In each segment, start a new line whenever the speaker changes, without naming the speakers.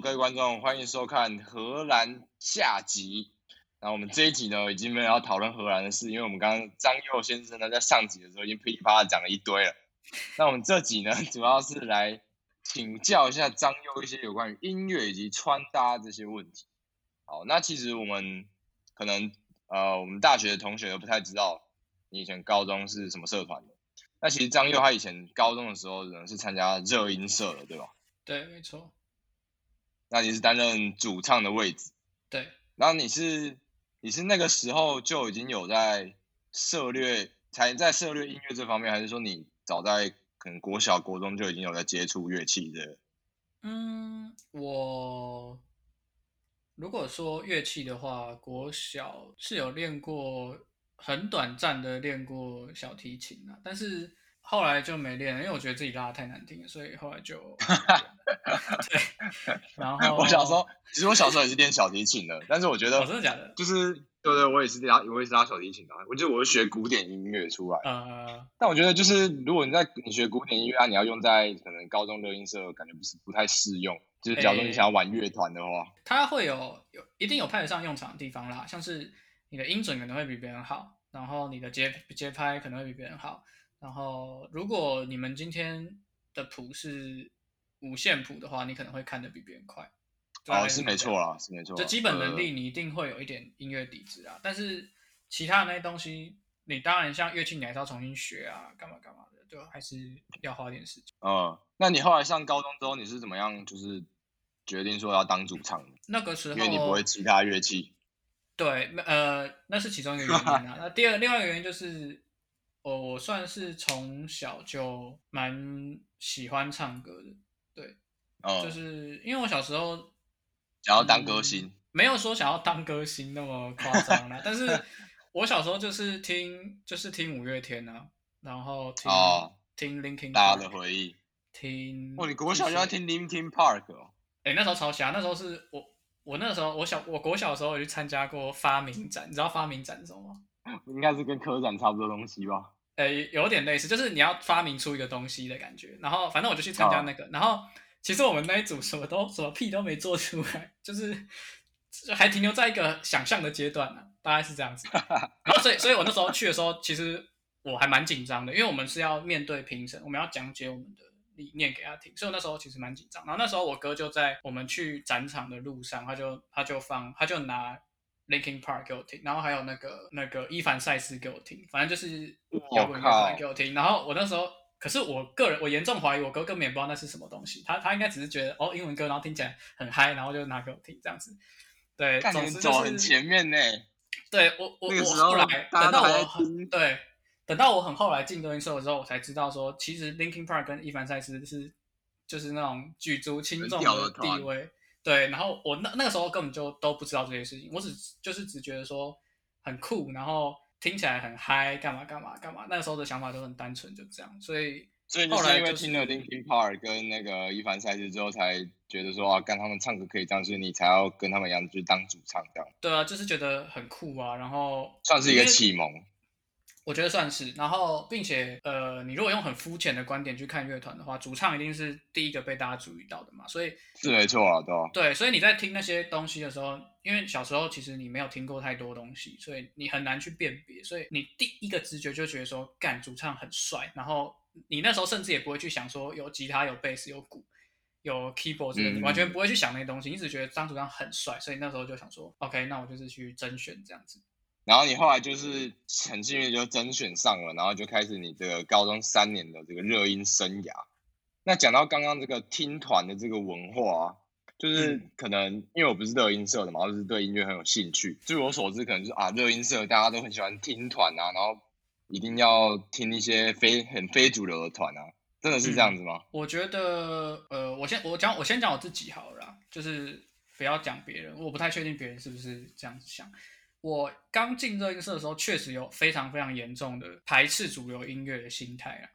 各位觀眾，歡迎收看荷蘭下集。那我們這一集呢，已經沒有要討論荷蘭的事，因為我們剛剛張佑先生呢，在上集的時候已經噼裡啪啦講了一堆了。那我們這集呢，主要是來請教一下張佑一些有關於音樂以及穿搭這些問題。好，那其實我們可能呃，我們大學的同學都不太知道你以前高中是什麼社團的。那其實張佑他以前高中的時候呢，是參加熱音社了，對吧？
對，沒錯。
那你是擔任主唱的位置，對。然後你是你是那個時候就已經有在涉獵，才在涉獵音樂這方面，還是說你早在可能國小、國中就已經有在接觸樂器的？嗯，
我如果說樂器的話，國小是有練過，很短暫的練過
小提琴啊，
但是。後來就沒練了，因為我覺得自己拉得太難聽了，所以後來就。哈
哈哈。對，然後我小時候，其實我小時候也是練小提琴的， 但是我覺得，真的、哦、假的？就是對，對對，我也是拉，我也是拉小提琴的。我覺得我是學古典音樂出來，嗯，但我覺得就是如果你在你學古典音樂啊，你要用在可能高中熱音社，感覺不是不太適用。欸、就是假如你想要玩樂團的話，
它會有有一定有派得上用場的地方啦，像是你的音準可能會比別人好，然後你的節節拍可能會比別人好。然後，如果你們今天的譜是五線譜的話，你可能會看得比別人快。對
哦，是沒錯啦，是沒錯。就基本能力你
一定會有一點音樂底子啊，嗯、但是其他的那些東西，你當然像樂器，你還是要重新學啊，幹嘛幹嘛的，就還是要花點時
間。嗯，那你後來上高中之後，你是怎麼樣，就是決定說要當主唱的？那個時候，因為你不會其他樂器。
對，呃，那是其中一個原因啊。 那第二，另外一個原因就是。我我算是從小就蠻喜歡唱歌的，對，哦、
就是
因為我小時候想
要當歌星、
嗯，沒有說想要當歌星那麼誇張啦， 但是，我小時候就是聽，就是聽五月天啊，然後聽聽 Linkin Park 的
回憶，聽哦，你國小就要聽
Linkin Park 哦，哎、欸，那時候超喜歡、啊，那時候是我我那時候我小我國小的時候去參加過發明展，你知道發明展是什麼嗎？
應該是跟科展差不多東西吧。
呃、欸，有點類似，就是你要發明出一個東西的感覺。然後，反正我就去參加那個。Oh. 然後，其實我們那一組什麼都什麼屁都沒做出來，就是還停留在一個想象的階段呢、啊，大概是這樣子。然後，所以，所以我那時候去的時候， 其實我還蠻緊張的，因為我們是要面對評審，我們要講解我們的理念給他聽，所以我那時候其實蠻緊張。然後那時候我哥就在我們去展場的路上，他就他就放，他就拿。Linkin Park 給我聽，然後還有那個那個伊凡賽斯給我聽，反正就是搖滾英文歌給我聽。然後我那時候，可是我個人，我嚴重懷疑我哥根本也不知道那是什麼東西，他他應該只是覺得哦英文歌，然後聽起來很嗨，然後就拿給我聽這樣子。
對，你總之，就是走在前面呢。對我我我後來，等到我很對，
等到我很後來進德雲社的時候，我才知道說，其實 Linkin Park 跟伊凡賽斯是就是那種舉足輕重的地位。對，然後我那那個時候根本就都不知道這些事情，我只就是只覺得說很酷，然後聽起來很嗨，幹嘛幹嘛幹嘛，那個時候的想法都很單純，就這樣。所以，
所以後來、就是、因為聽了林肯公園跟那個伊凡賽斯之後，才覺得說啊，跟他們唱歌可以這樣，所以你才要跟他們一樣，就是當主唱這樣。
對啊，就是覺得很酷啊，然後算是一個啟蒙。我覺得算是，然後，並且，呃，你如果用很膚淺的觀點去看樂團的話，主唱一定是第一個被大家注意到的嘛，所以
是沒錯啊，對啊。對，
所以你在聽那些東西的時候，因為小時候其實你沒有聽過太多東西，所以你很難去辨別，所以你第一個直覺就覺得說，幹主唱很帥，然後你那時候甚至也不會去想說有吉他、有貝斯、有鼓、有 keyboard 這個，你、嗯、完全不會去想那些東西，你只覺得張主唱很帥，所以那時候就想說，OK，那我就是去甄選這樣子。
然後你後來就是很幸運就甄選上了，然後就開始你這個高中三年的這個熱音生涯。那講到剛剛這個聽團的這個文化啊，就是可能因為我不是熱音社的嘛，就是對音樂很有興趣。據我所知，可能就是啊熱音社大家都很喜歡聽團啊，然後一定要聽一些非很非主流的團啊，真的是這樣子嗎？嗯，
我覺得呃，我先我講我先講我自己好了，就是不要講別人，我不太確定別人是不是這樣子想。我剛進熱音社的時候，確實有非常非常嚴重的排斥主流音樂的心態啊，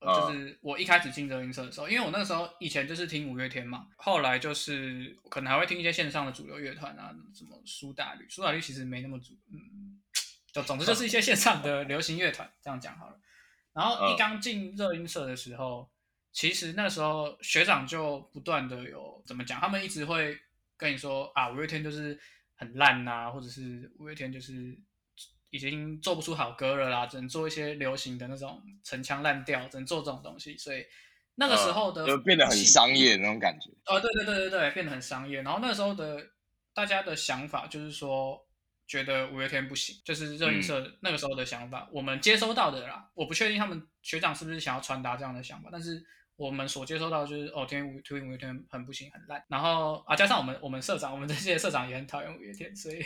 就是我一開始進熱音社的時候，因為我那個時候以前就是聽五月天嘛，後來就是可能還會聽一些線上的主流樂團啊，什麼蘇打綠，蘇打綠其實沒那麼主，嗯，就總之就是一些線上的流行樂團，這樣講好了。然後一剛進熱音社的時候，其實那時候學長就不斷的有怎麼講，他們一直會跟你說啊，五月天就是。很爛吶、啊，或者是五月天就是已經做不出好歌了啦，只能做一些流行的那種陳腔濫調，只能做這種東西。所以那個時候的、呃、就變得很商業那種感覺哦，對對對對對，變得很商業。然後那個時候的大家的想法就是說，覺得五月天不行，就是熱音社、嗯、那個時候的想法。我們接收到的啦，我不確定他們學長是不是想要傳達這樣的想法，但是。我們所接收到就是哦，天五，討厭五月天很不行，很爛，然後啊，加上我們我們社長我們這些社長也很討厭五月天，所以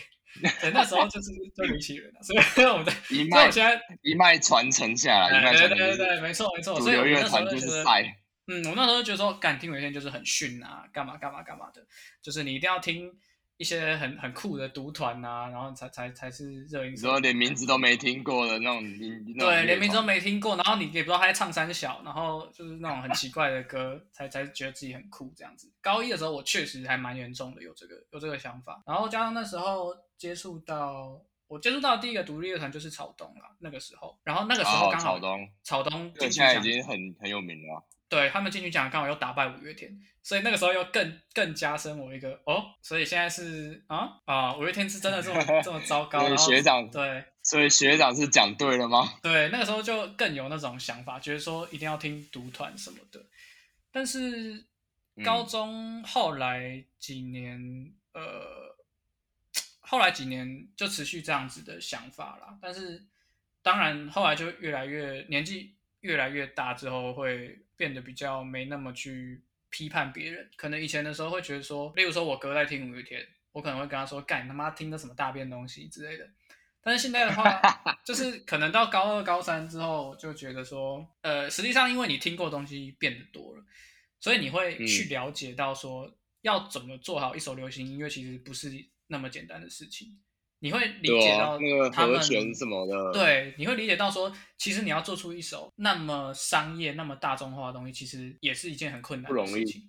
那時候就是就一起
了，所以我們在，所以現在一脈傳承下來，對對對，
沒錯沒錯，所以那時候就是，嗯，我那時候覺得說敢聽五月天就是很遜啊，幹嘛幹嘛幹嘛的，就是你一定要聽一些很很酷的獨團啊，然後才才才是熱音的時候
連名字都沒聽過的那種音。種 對，連名字都沒
聽過，然後你也不知道他在唱三小，然後就是那種很奇怪的歌， 才才覺得自己很酷這樣子。高一的時候，我確實還蠻嚴重的有這個有這個想法，然後加上那時候接觸到我接觸到第一個獨立樂團就是草東了，那個時候，然後那個時候剛好草
東草東現在已經很很有名了。
對他們進去講，剛好又打敗五月天，所以那個時候又更更加深我一個哦，所以現在是啊啊，五月天是真的這麼 這麼糟
糕？的學長，對，所以學長是講對了嗎？
對，那個時候就更有那種想法，覺得說一定要聽獨團什麼的，但是高中後來幾年，嗯、呃，後來幾年就持續這樣子的想法啦，但是當然後來就越來越年紀越來越大之後會。變得比較沒那麼去批判別人，可能以前的時候會覺得說，例如說我哥在聽五月天，我可能會跟他說：“幹你他媽聽的什麼大便東西”之類的。但是現在的話， 就是可能到高二、高三之後，就覺得說，呃，實際上因為你聽過東西變得多了，所以你會去了解到說，嗯、要怎麼做好一首流行音樂，其實不是那麼簡單的事情。
你會理解到他們，啊、那個和弦什麼的，對，
你會理解到說，其實你要做出一首那麼商業、那麼大眾化的東西，其實也是一件很困難的事情，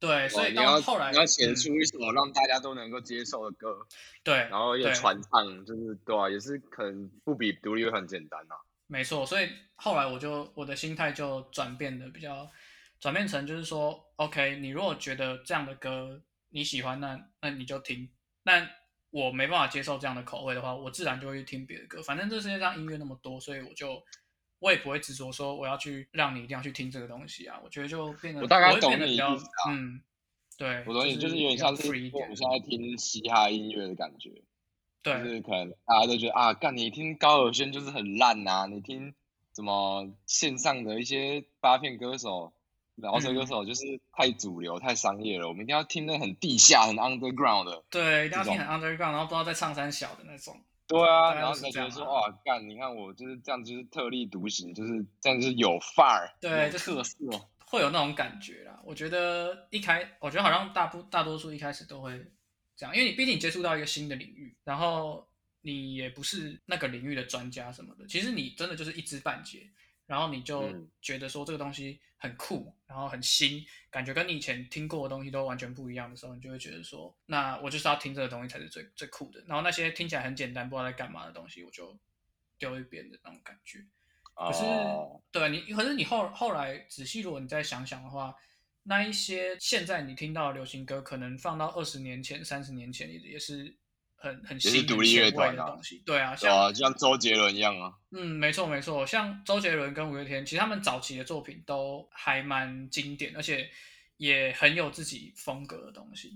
不容易。
對，對所以後來你要，嗯、你要寫出一首讓大家都能夠接受的歌，對，然後又傳唱，對就是對啊，也是可能不比獨立樂團很簡單啊。沒錯，
所以後來我就我的心態就轉變的比較轉變成就是說，OK，你如果覺得這樣的歌你喜歡，那那你就聽，那。我沒辦法接受這樣的口味的話，我自然就會去聽別的歌。反正這世界上音樂那麼多，所以我就我也不會執着說我要去讓你一定要去聽這個東西啊。我覺得就變得，我，變得比較我大概懂你、啊，嗯，對，我懂你，就是有點像是一
點我現在聽嘻哈音樂的感覺，對就是可能大家都覺得啊，幹你聽高爾宣就是很爛啊，你聽什麼線上的一些八片歌手。然後這個時候就是太主流，嗯、太商業了，我們一定要聽那很地下、很 underground 的。
對，一定要聽很 underground，這種。然後不知道在唱三小的那種。
對啊，然後就覺得說，哇，幹，你看我就是這樣，就是特立獨行，就是這樣，就是有範兒。對，就特色，是
會有那種感覺啦。我覺得一開，我覺得好像大部大多數一開始都會這樣，因為你畢竟你接觸到一個新的領域，然後你也不是那個領域的專家什麼的，其實你真的就是一知半解。然後你就覺得說，這個東西很酷，嗯、然後很新，感覺跟你以前聽過的東西都完全不一樣的時候，你就會覺得說，那我就是要聽這個東西才是最最酷的。然後那些聽起來很簡單，不知道在幹嘛的東西，我就丟一邊的那種感覺。哦、可是，對你，可是你後後來仔細，如果你再想想的話，那一些現在你聽到的流行歌，可能放到二十年前、三十年前，也是。很很獨立樂團、啊、的東西，對啊，
像啊就像周杰倫一樣啊，
嗯，沒錯沒錯，像周杰倫跟五月天，其實他們早期的作品都還蠻經典，而且也很有自己風格的東西，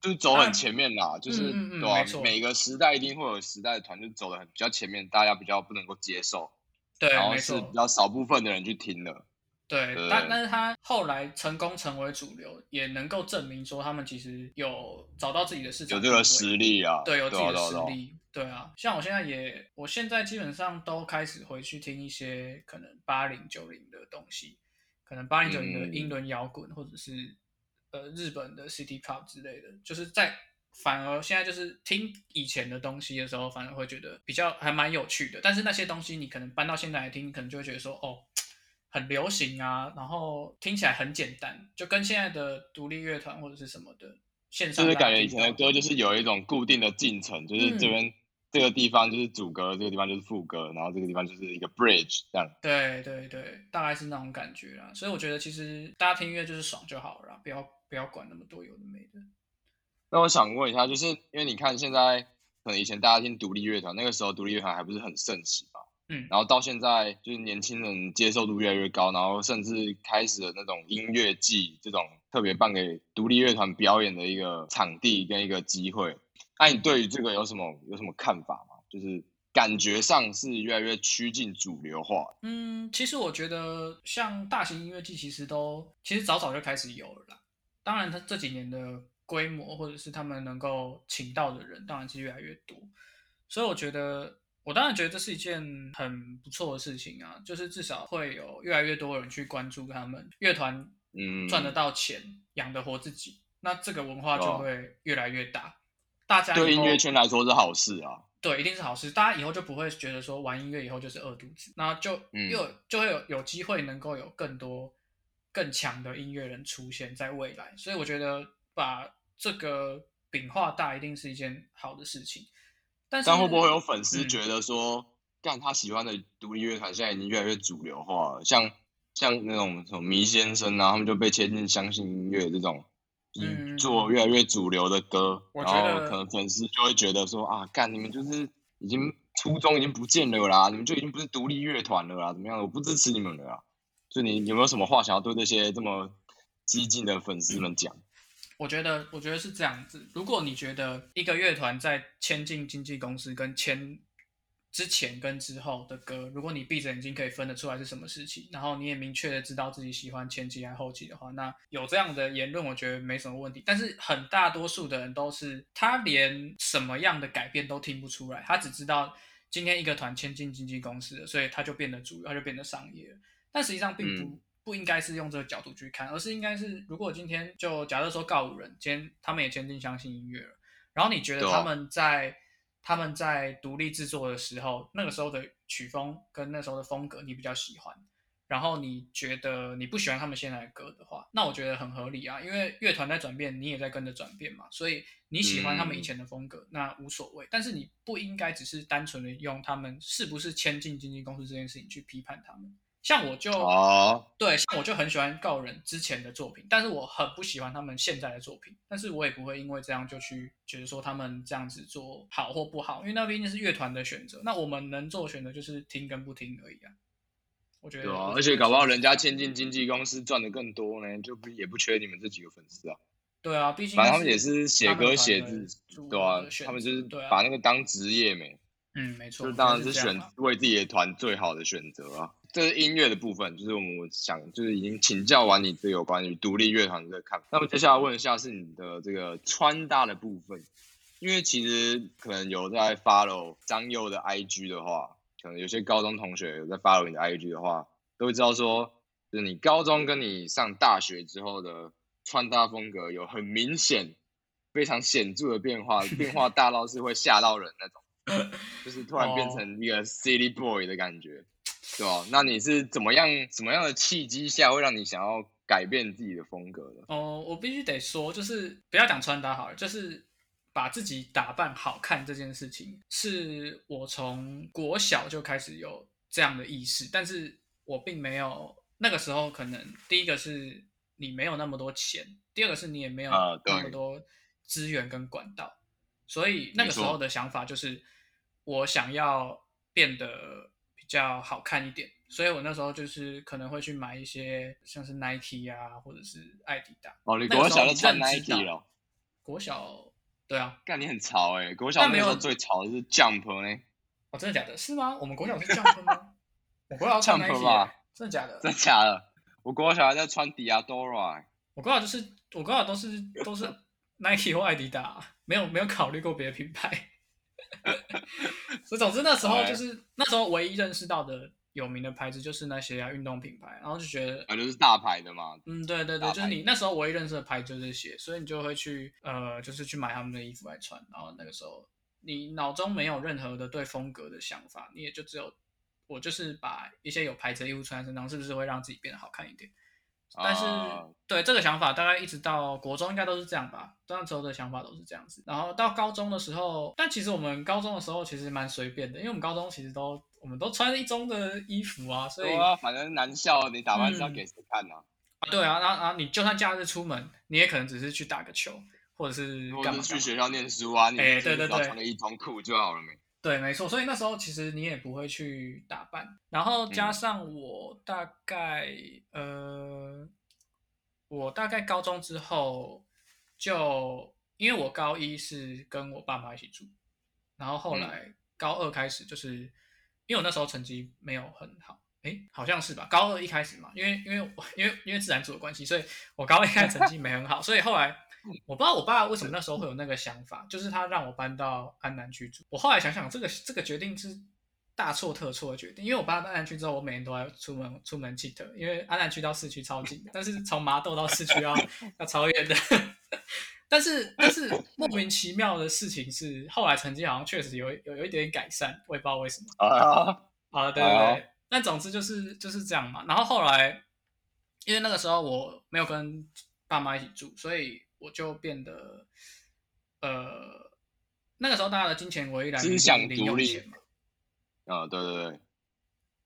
就是走很前面啦，啊、就是對，每個時代一定會有時代的團，就走的很比較前面，大家比較不能夠接受，對、啊，然後是比較少部分的人去聽的。嗯嗯嗯對，對，但但
是他後來成功成為主流，也能夠證明說，他們其實有找到自己的市場。有這
個實力啊。對，有自己的實力。
對啊，像我現在也，我現在基本上都開始回去聽一些可能八零九零的東西，可能八零九零的英倫搖滾，嗯、或者是呃日本的 City Pop 之類的。就是在反而現在就是聽以前的東西的時候，反而會覺得比較還蠻有趣的。但是那些東西你可能搬到現在來聽，可能就會覺得說哦。很流行啊，然後聽起來很簡單，就跟現在的獨立樂團或者是什麼的。
現在就是感覺以前的歌就是有一種固定的進程，嗯、就是這邊這個地方就是主歌，這個地方就是副歌，然後這個地方就是一個 bridge 這樣。
對對對，大概是那種感覺啦。所以我覺得其實大家聽音樂就是爽就好了，不要不要管那麼多有的沒的。
那我想問一下，就是因為你看現在可能以前大家聽獨立樂團，那個時候獨立樂團還不是很盛行吧？嗯，然後到現在就是年輕人接受度越來越高，然後甚至開始了那種音樂祭這種特別辦給獨立樂團表演的一個場地跟一個機會。那、啊、你對於這個有什麼有什麼看法嗎？就是感覺上是越來越趨近主流化。
嗯，其實我覺得像大型音樂祭其實都其實早早就開始有了啦，當然他這幾年的規模或者是他們能夠請到的人當然是越來越多，所以我覺得。我當然覺得這是一件很不錯的事情啊，就是至少會有越來越多人去關注他們樂團，嗯，賺得到錢，嗯、養得活自己，那這個文化就會越來越大。大家對音樂圈來
說是好事啊，
對，一定是好事。大家以後就不會覺得說玩音樂以後就是餓肚子，那就又、嗯、就會有有機會能夠有更多更強的音樂人出現在未來，所以我覺得把這個餅畫大一定是一件好的事情。但，是但會不會有
粉絲覺得說，幹、嗯、他喜歡的獨立樂團現在已經越來越主流化了？像像那種什麼麋先生，啊，他們就被簽進相信音樂這種，嗯、做越來越主流的歌，然後可能粉絲就會覺得說啊，幹你們就是已經初衷已經不見了啦，你們就已經不是獨立樂團了啦，怎麼樣？我不支持你們了啦。就你，你有沒有什麼話想要對這些這麼激進的粉絲們講？嗯
我覺得，我覺得是這樣子。如果你覺得一個樂團在簽進經紀公司跟簽之前跟之後的歌，如果你閉着眼睛可以分得出來是什麼事情，然後你也明確的知道自己喜歡前期還後期的話，那有這樣的言論，我覺得沒什麼問題。但是很大多數的人都是他連什麼樣的改變都聽不出來，他只知道今天一個團簽進經紀公司了，所以他就變得主流，他就變得商業，但實際上並不。嗯不應該是用這個角度去看，而是應該是，如果今天就假設說告五人，今天他們也簽進相信音樂了，然後你覺得他們在、哦、他們在獨立製作的時候，那個時候的曲風跟那時候的風格你比較喜歡，然後你覺得你不喜歡他們現在的歌的話，那我覺得很合理啊，因為樂團在轉變，你也在跟着轉變嘛，所以你喜歡他們以前的風格、嗯、那無所謂，但是你不應該只是單純的用他們是不是簽進經紀公司這件事情去批判他們。像我就、oh. 對，像我就很喜歡告人之前的作品，但是我很不喜歡他們現在的作品。但是我也不會因為這樣就去覺得說他們這樣子做好或不好，因為那畢竟是樂團的選擇。那我們能做選擇就是聽跟不聽而已啊。我覺得，對啊、得而且搞不好
人家簽進經紀公司賺的更多呢，嗯、就不也不缺你們這幾個粉絲啊。對啊，畢竟反正他們也是寫歌寫字，對啊，他們就是把那個當職業嘛。嗯、啊，沒錯，就當然是選為自己的團最好的選擇啊。這是音樂的部分，就是我們想，就是已經請教完你對有關於獨立樂團的看法。那麼接下來問一下是你的這個穿搭的部分，因為其實可能有在 follow 張佑的 IG 的話，可能有些高中同學有在 follow 你的 IG 的話，都會知道說，就是你高中跟你上大學之後的穿搭風格有很明顯、非常顯著的變化，變化大到是會嚇到人那種， 就是突然變成一個 city boy 的感覺。對哦，那你是怎麼樣、怎麼樣的契機下，會讓你想要改變自己的風格的？哦、呃，
我必須得說，就是不要講穿搭好了，就是把自己打扮好看這件事情，是我從國小就開始有這樣的意識。但是，我並沒有那個時候可能第一個是你沒有那麼多錢，第二個是你也沒有那麼多資源跟管道，呃、所以那個時候的想法就是說我想要變得。比較好看一點，所以我那時候就是可能會去買一些像是 Nike 啊，或者是愛迪達。哦，你、喔、國小在穿 Nike 了？國小
對啊。幹，你很潮哎、欸！國小那時候最潮的是 Jump 呢。哦，真的假的？
是嗎？我們國小是 Jump 嗎？
我不要穿 Nike, Jump 吧？
真的假的？真的
假的？我國小還在穿 Diadora。我國小就是
我國小都是都是 Nike 或愛迪達，沒有沒有考慮過別的品牌。所以， 總之那時候就是、oh、yeah. 那時候唯一認識到的有名的牌子就是那些啊運動品牌，然後就覺
得啊就是大牌的嘛。
嗯，對對對，就是你那時候唯一認識的牌子就是這些，所以你就會去呃就是去買他們的衣服來穿。然後那個時候你腦中沒有任何的對風格的想法，你也就只有我就是把一些有牌子的衣服穿在身上，是不是會讓自己變得好看一點？但是，對這個想法大概一直到國中應該都是這樣吧。那時候的想法都是這樣子。然後到高中的時候，但其實我們高中的時候其實蠻隨便的，因為我們高中其實都我們都穿一中的衣服啊，所以，啊、
反正男校你打扮要給誰看呢？啊。
啊、嗯，對啊然後，然後你就算假日出門，你也可能只是去打個球，或者是，幹嘛幹嘛，是去學校念
書啊。你對對對，穿個一中褲就好了沒。
對，沒錯，所以那時候其實你也不會去打扮，然後加上我大概、嗯、呃，我大概高中之後就，因為我高一是跟我爸媽一起住，然後後來高二開始就是，因為我那時候成績沒有很好，誒，好像是吧，高二一開始嘛，因為因為因為因為自然組的關係，所以我高一開始成績沒很好， 所以後來。嗯、我不知道我爸為什麼那時候會有那個想法，嗯、就是他讓我搬到安南去住。我後來想想，這個這個決定是大錯特錯的決定。因為我搬到安南去之後，我每天都要出門出門騎車，因為安南區到市區超近，但是從麻豆到市區要 要超遠的。 但是但是莫名其妙的事情是，後來成績好像確實有有有一點改善，我也不知道為什麼。好啊,好啊對對對，那、啊、總之就是就是這樣嘛。然後後來因為那個時候我沒有跟爸媽一起住，所以。我就變得，呃那個時候大家的金錢，我依然想獨立
嘛。啊、哦、對對對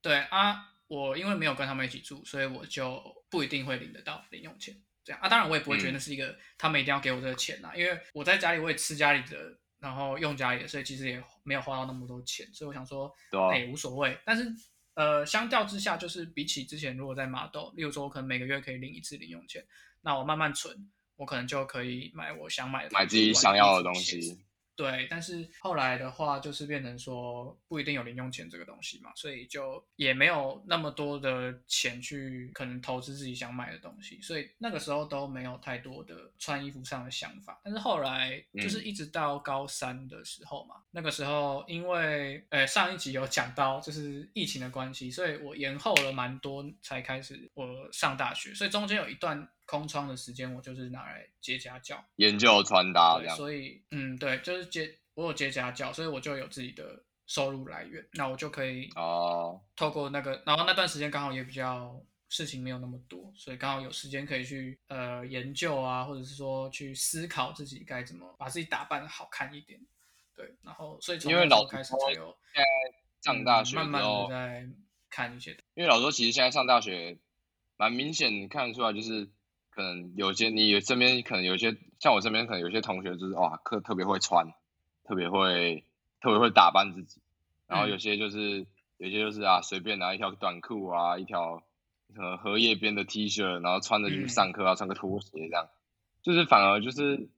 對啊，我因為沒有跟他們一起住，所以我就不一定會領得到零用錢這樣啊。當然我也不會覺得那是一個、嗯、他們一定要給我這個錢啊，因為我在家裡，我也吃家裡的，然後用家裡的，所以其實也沒有花到那麼多錢，所以我想說也、啊、欸、無所謂。但是呃相較之下，就是比起之前，如果在馬豆例如說我可能每個月可以領一次零用錢，那我慢慢存。我可能就可以買我想買的東西，買自己想要的東西。對，但是後來的話，就是變成說不一定有零用錢這個東西嘛，所以就也沒有那麼多的錢去可能投資自己想買的東西，所以那個時候都沒有太多的穿衣服上的想法。但是後來就是一直到高三的時候嘛，嗯、那個時候因為呃、欸、上一集有講到就是疫情的關係，所以我延後了蠻多才開始我上大學，所以中間有一段。空窗的時間，我就是拿來接家教、
研究穿搭這樣。所以，
嗯，對，就是接我有接家教，所以我就有自己的收入來源，那我就可以哦，透過那個，呃、然後那段時間剛好也比較事情沒有那麼多，所以剛好有時間可以去呃研究啊，或者是說去思考自己該怎麼把自己打扮的好看一點。對，然後所以從那時候開始才有，因為老實說現在上大學，嗯、慢慢的在看一些，
因為老實說其實現在上大學，蠻明顯看出來就是。可能有些你有身邊可能有些像我身邊可能有些同學就是哇，特特別會穿，特別會特別會打扮自己，然後有些就是、嗯、有些就是啊，隨便拿一條短褲啊，一條什麼荷葉邊的 T 恤，然後穿着去上課啊，嗯、穿個拖鞋這樣，就是反而就是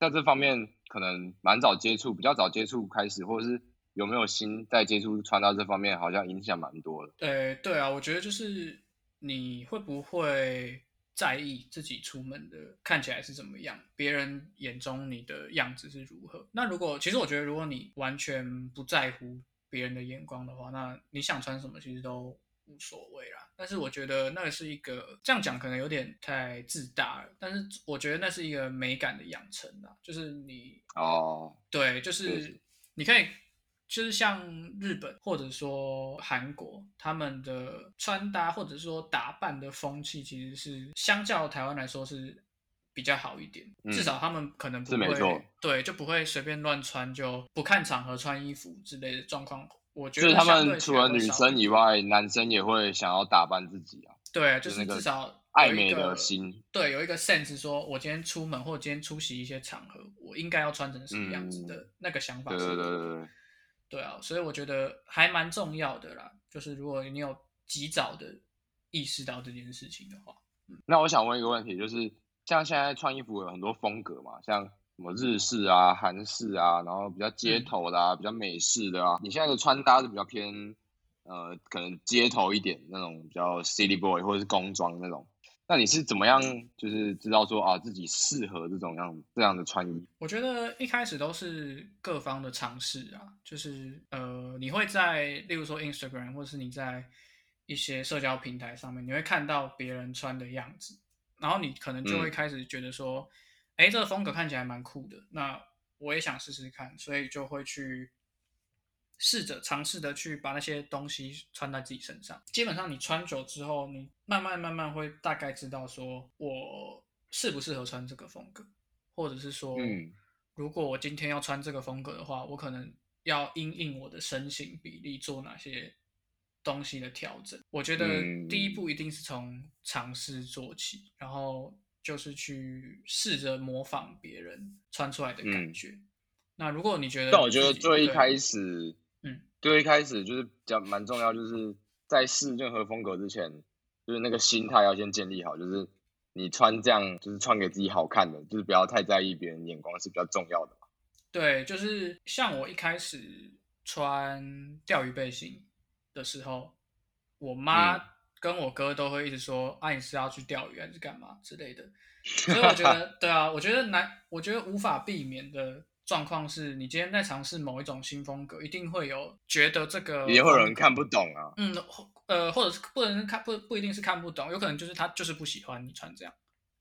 在這方面可能蠻早接觸，比較早接觸開始，或者是有沒有心在接觸穿搭這方面，好像影響蠻多的。
誒，對啊，我覺得就是你會不會？在意自己出門的看起來是怎麼樣，別人眼中你的樣子是如何。那如果其實我覺得，如果你完全不在乎別人的眼光的話，那你想穿什麼其實都無所謂啦。但是我覺得那是一個，這樣講可能有點太自大了，但是我覺得那是一個美感的養成啦，就是你哦，oh. 對，就是你可以。就是像日本或者說韓國，他們的穿搭或者說打扮的風氣，其實是相較台灣來說是比較好一點。嗯、至少他們可能不會對，就不會隨便亂穿，就不看場合穿衣服之類的狀況。我覺得就是他們除了女
生以外，男生也會想要打扮自己啊。對啊，就是、就是至少愛美的心，
對，有一個 sense，說我今天出門或者今天出席一些場合，我應該要穿成什麼樣子的、嗯、那個想法。對，對對對。對啊，所以我覺得還蠻重要的啦。就是如果你有及早的意識到這件事情的話，
嗯，那我想問一個問題，就是像現在穿衣服有很多風格嘛，像什麼日式啊、韓式啊，然後比較街頭的啊、嗯、比較美式的啊，你現在的穿搭是比較偏呃，可能街頭一點那種比較 city boy 或者是工裝那種。那你是怎麼樣，就是知道說啊，自己適合這種樣子這樣的穿衣？
我覺得一開始都是各方的嘗試啊，就是呃，你會在例如說 Instagram 或是你在一些社交平台上面，你會看到別人穿的樣子，然後你可能就會開始覺得說，哎，嗯，欸，這個風格看起來蠻酷的，那我也想試試看，所以就會去。試着嘗試着去把那些東西穿在自己身上，基本上你穿久之後，你慢慢慢慢會大概知道，說我適不適合穿這個風格，或者是說，如果我今天要穿這個風格的話，我可能要因應我的身形比例做哪些東西的調整。我覺得第一步一定是從嘗試做起，然後就是去試着模仿別人穿出來的感覺。那如果你覺得，但我覺得最一開
始。嗯，就一開始就是比較蠻重要，就是在試任何風格之前，就是那個心態要先建立好，就是你穿這樣就是穿給自己好看的就是不要太在意別人眼光是比較重要的嘛。
對，就是像我一開始穿釣魚背心的時候，我媽跟我哥都會一直說：“哎、嗯啊，你是要去釣魚還是幹嘛之類的。”所以我覺得， 對啊，我覺得難，我覺得無法避免的。狀況是，你今天在嘗試某一種新風格，一定會有覺得這個也會有人看不懂啊。嗯，或呃，或者是不能看，不不一定是看不懂，有可能就是他就是不喜歡你穿這樣，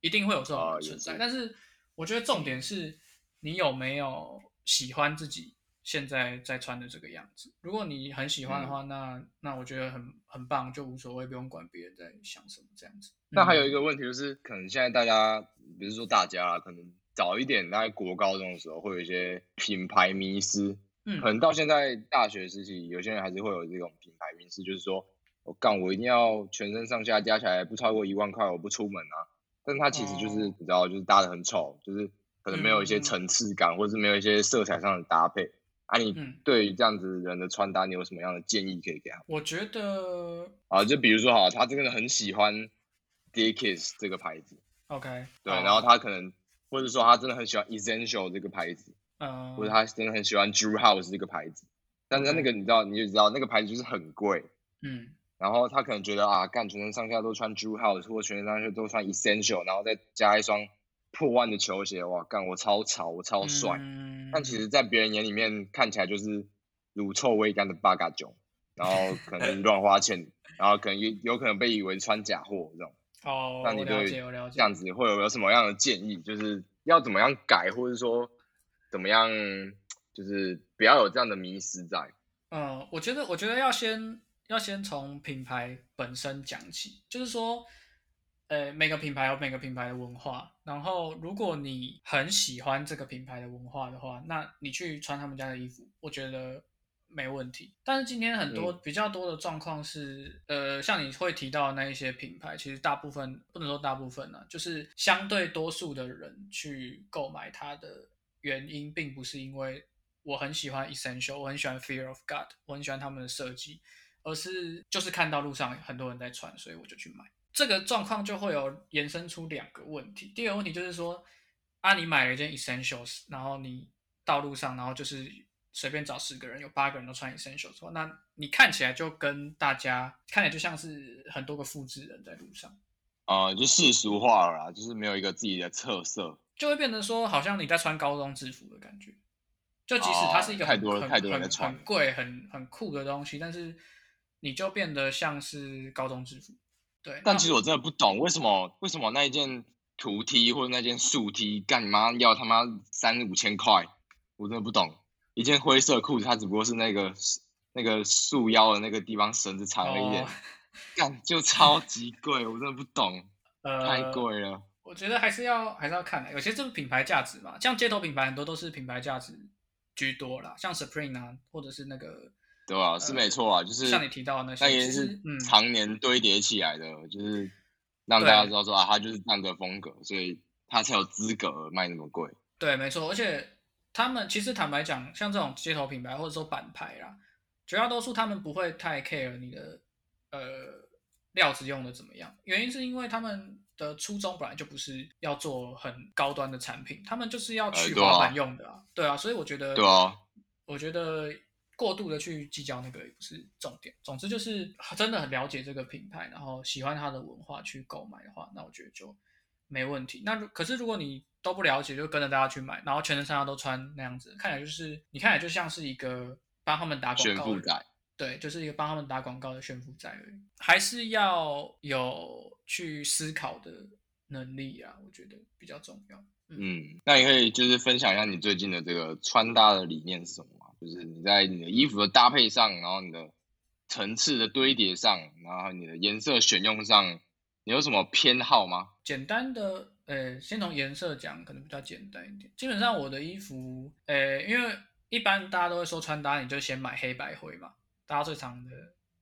一定會有這種存在。哦、在但是我覺得重點是，你有沒有喜歡自己現在在穿的這個樣子？如果你很喜歡的話，嗯、那那我覺得很很棒，就無所謂，不用管別人在想什麼這樣子。那、嗯、還有一
個問題就是，可能現在大家，比如說大家可能。早一點在國高中的時候會有一些品牌迷思，嗯，可能到現在大學時期，有些人還是會有這種品牌迷思，就是說，我、哦、幹我一定要全身上下加起來不超過一萬塊，我不出門啊。但他其實就是你知道，oh. 就是搭的很醜，就是可能沒有一些層次感，嗯、或者是沒有一些色彩上的搭配啊。你對於這樣子人的穿搭，你有什麼樣的建議可以給他？
我覺得
啊，就比如說哈，他這個人很喜歡 Dickies 這個牌子
，OK，對，oh. 然後他
可能。或者說他真的很喜歡 Essential 這個牌子
，oh. 或者他
真的很喜歡 Drew House 這個牌子，但是那個你知道，你就知道那個牌子就是很貴，嗯，然後他可能覺得啊，幹全身上下都穿 Drew House 或者全身上下都穿 Essential，然後再加一雙破萬的球鞋，哇，幹我超潮，我超帥，嗯、但其實，在別人眼裡面看起來就是乳臭未乾的八嘎囧，然後可能亂花錢， 然後可能有有可能被以為是穿假貨這種。
哦，那、oh, 你對這樣
子會有沒有什麼樣的建議？就是要怎麼樣改，或者說怎麼樣，就是不要有這樣的迷思在。
嗯，我覺得，我覺得要先要先從品牌本身講起，就是說，呃、欸，每個品牌有每個品牌的文化，然後如果你很喜歡這個品牌的文化的話，那你去穿他們家的衣服，我覺得。沒問題，但是今天很多比較多的狀況是，嗯、呃，像你會提到的那一些品牌，其實大部分不能說大部分呢、啊，就是相對多數的人去購買它的原因，並不是因為我很喜歡 Essential，我很喜歡 Fear of God，我很喜歡他們的設計，而是就是看到路上很多人在穿，所以我就去買。這個狀況就會有延伸出兩個問題，第一個問題就是說，啊，你買了一件 Essentials，然後你道路上，然後就是。隨便找十個人，有八個人都穿 Essentials，那你看起來就跟大家看起來就像是很多個複製人在路上，
啊、嗯，就世俗化了啦，就是沒有一個自己的特色，
就會變得說好像你在穿高中制服的感覺，就即使它是一個很很很貴很很酷的東西，但是你就變得像是高中
制服，對。但其實我真的不懂為什麼為什麼那一件圖 T 或者那件素 T，幹你媽要他媽三五千塊，我真的不懂。一件灰色褲子，它只不過是那個那個束腰的那個地方繩子長了一點，哦、幹就超級貴， 我真的不懂。呃、太貴了。
我覺得還是要還是要看的，有些是品牌價值嘛，像街頭品牌很多都是品牌價值居多啦，像 Supreme 啊，或者是那個，
對啊，呃、是沒錯啊，就是像你提到的那些，那也、嗯、是常年堆疊起來的，就是讓大家知道說對啊，它就是這樣的風格，所以它才有資格而賣那麼貴。
對，沒錯，而且。他們其實坦白講，像這種街頭品牌或者說板牌啦，絕大多數他們不會太 care 你的呃料子用的怎麼樣。原因是因為他們的初衷本來就不是要做很高端的產品，他們就是要去滑板用的啊，欸，對哦、對啊。所以我覺得，對哦、我覺得過度的去計較那個也不是重點。總之就是真的很了解這個品牌，然後喜歡它的文化去購買的話，那我覺得就沒問題。那如，可是如果你都不了解就跟着大家去買，然後全身上下都穿那樣子，看起來就是你看起來就像是一個幫他們打廣告的炫富仔，對，就是一個幫他們打廣告的炫富仔而已，還是要有去思考的能力啊，我覺得比較重要。嗯,
嗯，那你可以就是分享一下你最近的這個穿搭的理念是什麼嗎？就是你在你的衣服的搭配上，然後你的層次的堆疊上，然後你的顏色選用上，你有什麼偏好嗎？
簡單的。呃，先從顏色講，可能比較簡單一點。基本上我的衣服，呃，因為一般大家都會說穿搭，你就先買黑白灰嘛。大家最常的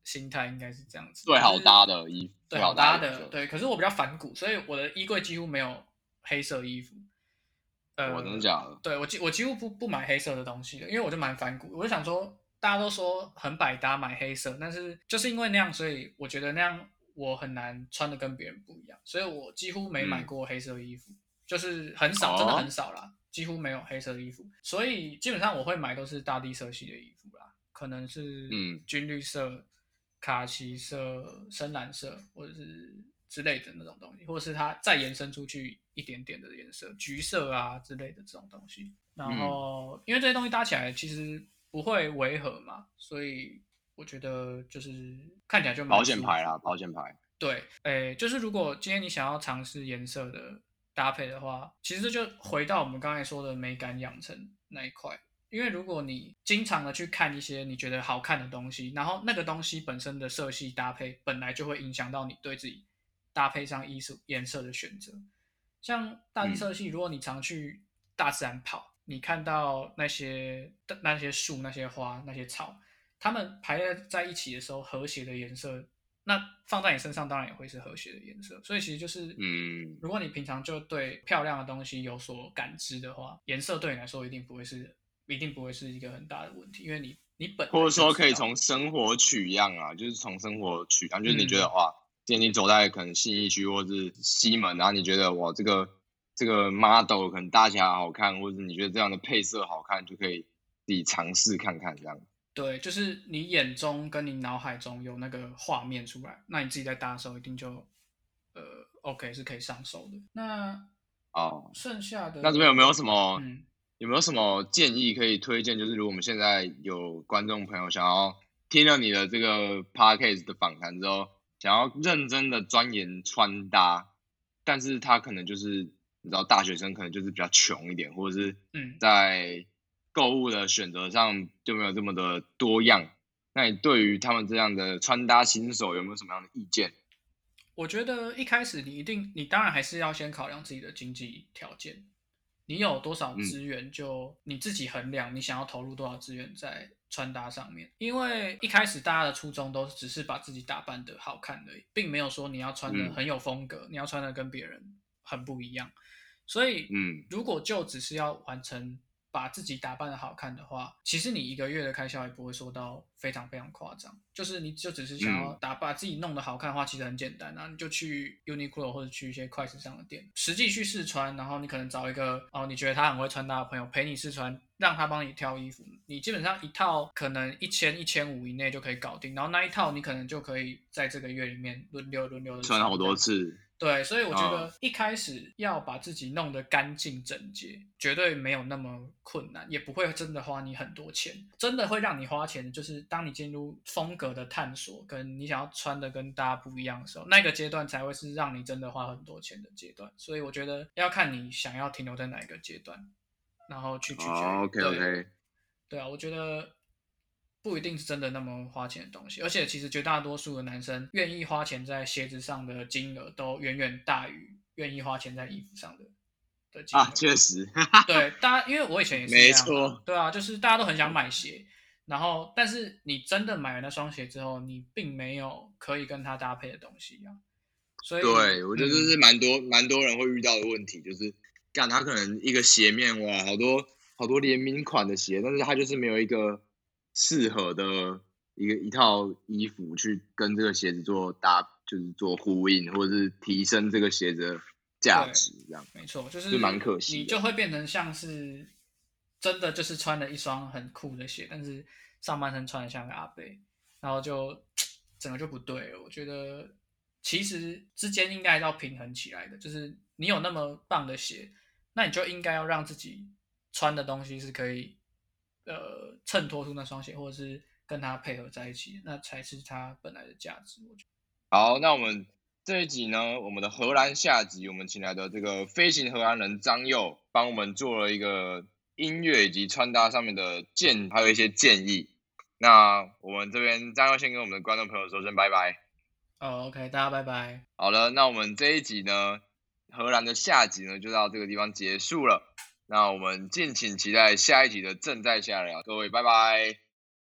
心態應該是這樣子。對，好搭的
衣服。就是、對。好搭的，對，搭的對。
可是我比較反骨，所以我的衣櫃幾乎沒有黑色衣服。
呃、我怎麼講。
對我幾我幾乎不不買黑色的東西的，因為我就蠻反骨，我就想說，大家都說很百搭買黑色，但是就是因為那樣，所以我覺得那樣。我很難穿得跟別人不一樣，所以我幾乎沒買過黑色的衣服，嗯、就是很少，真的很少啦，哦、幾乎沒有黑色的衣服。所以基本上我會買都是大地色系的衣服啦，可能是軍綠色、嗯、卡其色、深藍色或者是之類的那種東西，或者是它再延伸出去一點點的顏色，橘色啊之類的這種東西。然後、嗯、因為這些東西搭起來其實不會違和嘛，所以。我覺得就是看起來就蠻保險
牌啦，保險牌。
對，哎、欸，就是如果今天你想要嘗試顏色的搭配的話，其實就回到我們剛才說的美感養成那一塊。因為如果你經常的去看一些你覺得好看的東西，然後那個東西本身的色系搭配本來就會影響到你對自己搭配上衣服顏色的選擇。像大地色系，嗯、如果你常去大自然跑，你看到那些那些樹、那些花、那些草，他們排列在一起的時候，和諧的顏色，那放在你身上當然也會是和諧的顏色。所以其實就是，嗯，如果你平常就對漂亮的東西有所感知的話，顏色對你來說一定不會是，一定不會是一個很大的問題，因為
你你本或者說可以從生活取樣啊，就是從生活取樣，就是你覺得、嗯、哇，今天你走在可能信義區或是西門，然後你覺得哇，這個這個 model 可能搭起來好看，或者你覺得這樣的配色好看，就可以自己嘗試看看這樣。
對，就是你眼中跟你腦海中有那個畫面出來，那你自己在搭的時候一定就，呃，OK 是可以上手的。那
哦，剩下的那這邊有沒有什麼、嗯、有沒有什麼建議可以推薦？就是如果我們現在有觀眾朋友想要聽了你的這個 podcast 的訪談之後，想要認真的鑽研穿搭，但是他可能就是你知道大學生可能就是比較窮一點，或者是嗯在。嗯購物的選擇上就沒有這麼的多樣。那你對於他們這樣的穿搭新手有沒有什麼樣的意見？
我覺得一開始你一定，你當然還是要先考量自己的經濟條件，你有多少資源就、嗯、你自己衡量，你想要投入多少資源在穿搭上面。因為一開始大家的初衷都只是把自己打扮得好看而已，並沒有說你要穿得很有風格，嗯、你要穿得跟別人很不一樣。所以，嗯，如果就只是要完成。把自己打扮得好看的話，其實你一個月的開銷也不會說到非常非常誇張。就是你就只是想要打把自己弄得好看的話，其實很簡單啊。那你就去 Uniqlo 或者去一些快時尚的店，實際去試穿，然後你可能找一個哦你覺得他很會穿搭的朋友陪你試穿，讓他幫你挑衣服。你基本上一套可能一千一千五以內就可以搞定。然後那一套你可能就可以在這個月裡面輪流輪流的穿，穿
好多次。對，所以我覺得
一開始要把自己弄得乾淨整潔，Oh. 絕對沒有那麼困難，也不會真的花你很多錢。真的會讓你花錢，就是當你進入風格的探索，跟你想要穿的跟大家不一樣的時候，那個階段才會是讓你真的花很多錢的階段。所以我覺得要看你想要停留在哪一個階段，然後去拒絕。Oh, okay, okay. 對，對啊，我覺得。不一定是真的那麼花錢的東西，而且其實絕大多數的男生願意花錢在鞋子上的金額，都遠遠大於願意花錢在衣服上的的金額。啊，
確實，
對大家，因為我以前也是這樣、啊、沒錯，對啊，就是大家都很想買鞋，然後但是你真的買完那雙鞋之後，你並沒有可以跟它搭配的東西啊。所以，對我覺得這是
蠻多蠻、嗯、多人會遇到的問題，就是幹他可能一個鞋面哇，好多好多聯名款的鞋，但是他就是沒有一個。適合的一個一套衣服去跟這個鞋子做搭，就是做呼應，或者是提升這個鞋子的價值對這樣。
沒錯，就是蠻可惜。你就會變成像是真的就是穿了一雙很酷的鞋，但是上半身穿的像個阿伯，然後就整個就不對了。我覺得其實之間應該要平衡起來的，就是你有那麼棒的鞋，那你就應該要讓自己穿的東西是可以。呃，襯托出那雙鞋，或者是跟它配合在一起，那才是它本來的價值。我覺
得好，那我們這一集呢，我們的荷蘭下集，我們請來的這個飛行荷蘭人張佑，幫我們做了一個音樂以及穿搭上面的建，還有一些建議。那我們這邊張佑先跟我們的觀眾朋友說聲拜拜。
哦，OK，大家拜拜。
好了，那我們這一集呢，荷蘭的下集呢，就到這個地方結束了。那我們敬請期待下一集的正在下聊，各位拜拜。